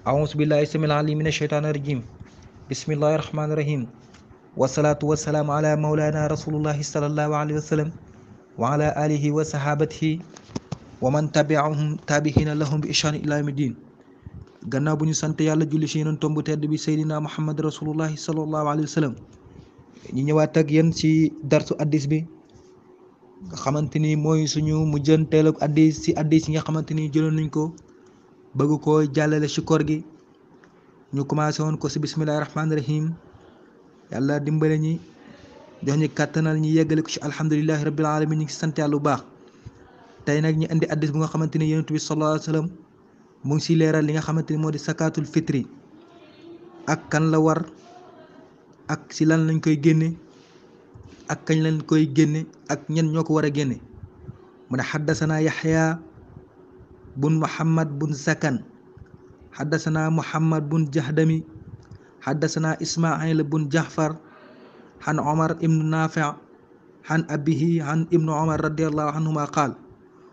أعوذ بالله السميع العليم من الشيطان الرجيم بسم الله الرحمن الرحيم والصلاة والسلام على مولانا رسول الله صلى الله عليه وسلم وعلى آله وصحابته ومن تبعهم تابعين لهم بإحسان إلى يوم الدين gannaaw bu ñu sant yàlla julli si yeneen tomb tedd bi Seydina Muhammad rasulullahi sallallahu alayhi wa sallam ñu ñëwaat ak yéen ci darsu addis bi nga xamante ni mooy suñu mujjanteelu addis ci addis yi nga xamante ni jëloon nañ ko bëgg koo jàllale ci koor gi ñu commencé woon ko ci bismillahi rahmaani rahim yàlla dimbale ñi jox ñi kàttanal ñi yeggale ko ci alhamdulilahi rabbil alamin ñu ngi sant yàlla bu baax tey nag ñu indi addis bu nga xamante ni yonent bi sallallahu alayhi sallam mu ngi leeral li nga xamante ni moo di fitri ak kan la war ak silan lan lañ koy génne ak kañ lañ koy génne ak ñen ñoo ko war a génne mu ne xaddasana بن محمد بن سكن حدثنا محمد بن جهدمي حدثنا إسماعيل بن جعفر عن عمر بن نافع عن أبيه عن ابن عمر رضي الله عنهما قال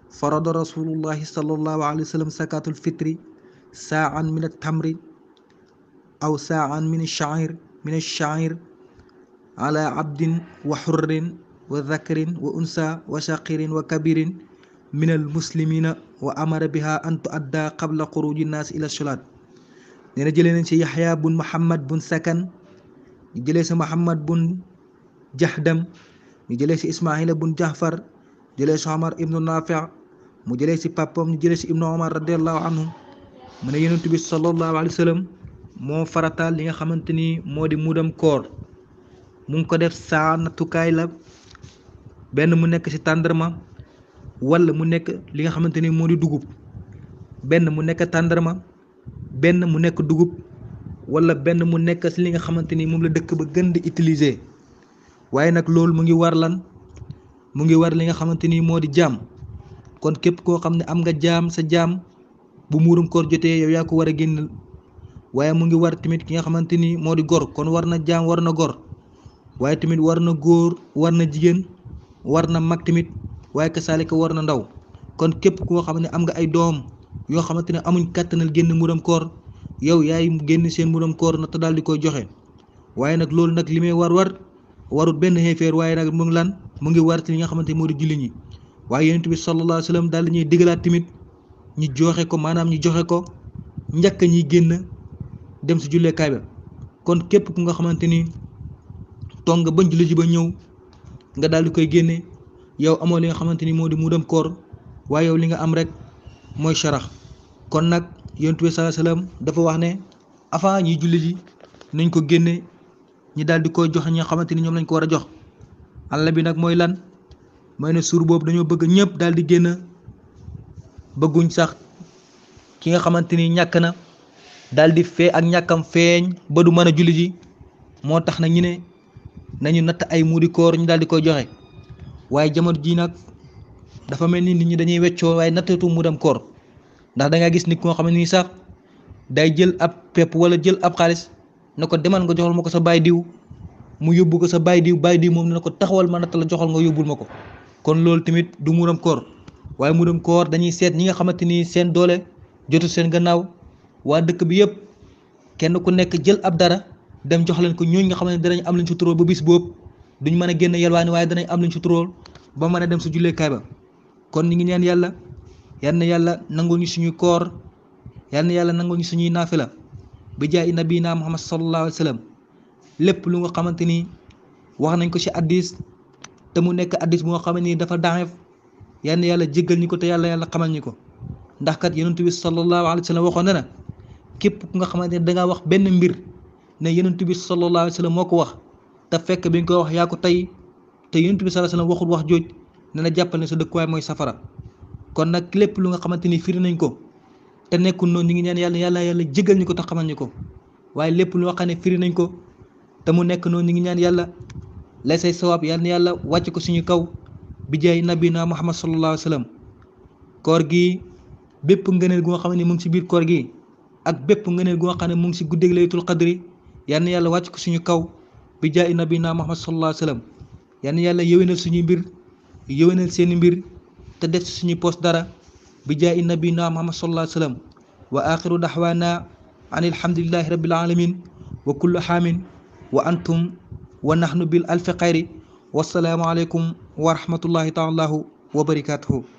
فرض رسول الله صلى الله عليه وسلم زكاة الفطر ساعا من التمر أو ساعا من الشعير من الشعير على عبد وحر وذكر وأنثى وشقير وكبير من المسلمين wa amara biha an tuadda qabla xuruji naas ila solaat nee na jëlee nañ ci yaxya bun muhammad bun sakan ñu jëlee si muhammad bun jahdam ñu jëlee si ismaila bun jahfar jëlee si omar ibnu nafi mu jëlee si papam ñu jëlee si ibnu omar radiallahu anhu mu ne yonent bi sallallahu alayhi wa moo farataal li nga xamante ni moo di mudam koor mu ngi ko def saa la benn mu nekk ci tàndarma wala mu nekk li nga xamante ni moo di dugub benn mu nekk tàndarma benn mu nekk dugub wala benn mu nekk si li nga xamante ni moom la dëkk ba gën di utiliser waaye nag loolu mu ngi war lan mu ngi war li nga xamante ni moo di jaam kon képp koo xam ne am nga jaam sa jaam bu muurum koor jotee yow yaa ko war a génnal waaye mu ngi war tamit ki nga xamante ni moo di gor kon war na jaam war na gor waaye tamit war na góor war na jigéen war na mag tamit waaye kasaalika war na ndaw kon képp koo xam ne am nga ay doom yoo xamante ne amuñ kàttanal génn muram koor yow yaay génn seen muram koor na te daal di koy joxe waaye nag nag li may war war warut benn xeefeer waaye nag mu lan mu ngi war ci li nga xamante ne moo di julli ñi waaye yonent bi sallallahu alayhi wa sallam daal di ñuy digalaat tamit ñi joxe ko maanaam ñi joxe ko njëkk ñi génn dem si julleekaay ba kon képp ku nga xamante ni tong bañ julli ji ba ñëw nga daal di koy génne. yow amoo li nga xamante ni moo di mu dem koor waaye yow li nga am rek mooy sarax kon nag yonent bi sallallahu dafa wax ne avant ñi jullit yi nañ ko génne ñi daal di koy joxe ñi nga xamante ni ñoom lañ ko war a jox àll bi nag mooy lan mooy ne suur boobu dañoo bëgg ñëpp daal di génn bëgguñ sax ki nga xamante ni ñàkk na daal di fee ak ñàkkam feeñ ba du mën a julli ji moo tax nag ñu ne nañu natt ay muudi koor ñu daal di koy joxe. waaye jamono ji nag dafa mel ni nit ñi dañuy weccoo waaye natteetu mu dem koor ndax dangay gis nit koo xam ne nii sax day jël ab pepp wala jël ab xaalis ne ko demal nga joxal ma ko sa baay diw mu yóbbu ko sa baay diw baay diw moom ne ko taxawal ma natt la joxal nga yóbbul ma ko kon loolu tamit du muuram koor waaye muuram koor dañuy seet ñi nga xamante ni seen doole jotu seen gannaaw waa dëkk bi yëpp kenn ku nekk jël ab dara dem jox leen ko ñooñ nga xam ne danañ am lañ sutura ba bis boobu duñ mën a génn yelwaani waaye danay am luñ ci trol ba mën a dem su julleekaay ba kon ñu ngi neen yàlla yal yàlla nangoo ñu suñuy koor yal na yàlla nangoo ñu suñuy naafila bi jaay nabi naa muhammad sallallahu alayhi wa sallam lépp lu nga xamante ni wax nañ ko ci addis te mu nekk addis moo nga xam ni dafa daanef yal na yàlla jéggal ñu ko te yàlla yàlla xamal ñi ko ndax kat yonent bi sallallahu alayhi wa sallam waxoon na na képp ku nga xamante ni dangaa wax benn mbir ne yonent bi sallallahu alayhi wa sallam moo ko wax te fekk biñ ko wax yaa ko tey te yonent bi sallallahu alayhi waxul wax jooj dana jàppal ne sa dëkkuwaay mooy safara kon nag lépp lu nga xamante ni firi nañ ko te nekkul noonu ñu ngi ñaan yàlla yàlla yàlla jégal ñu ko te xamal ñu ko lu ne nañ ko te mu nekk noonu ñu ngi ñaan yàlla lay say sawaab yàlla na yàlla ko suñu kaw bi nabi na muhammad sallallahu alayhi wasallam koor gi bépp ngëneel gu nga xam mu ngi ci biir koor gi ak bépp ngëneel gu nga xam mu ngi ci guddeeg laytul qadri ko suñu kaw bi jaay nabina Muhammad sallallahu alayhi wa sallam yal na yàlla yëwénal suñuy mbir yëwénal seeni mbir te def ci suñuy poos dara bi jaay nabina Muhammad sallallahu alayhi wa sallam wa axiru daxwaana an alhamdulillahi rabbil alamin wa kullu xaamin wa antum wa nahnu bil alfi xayri wassalaamu aleykum wa rahmatullahi taalaahu wa barakaatuhu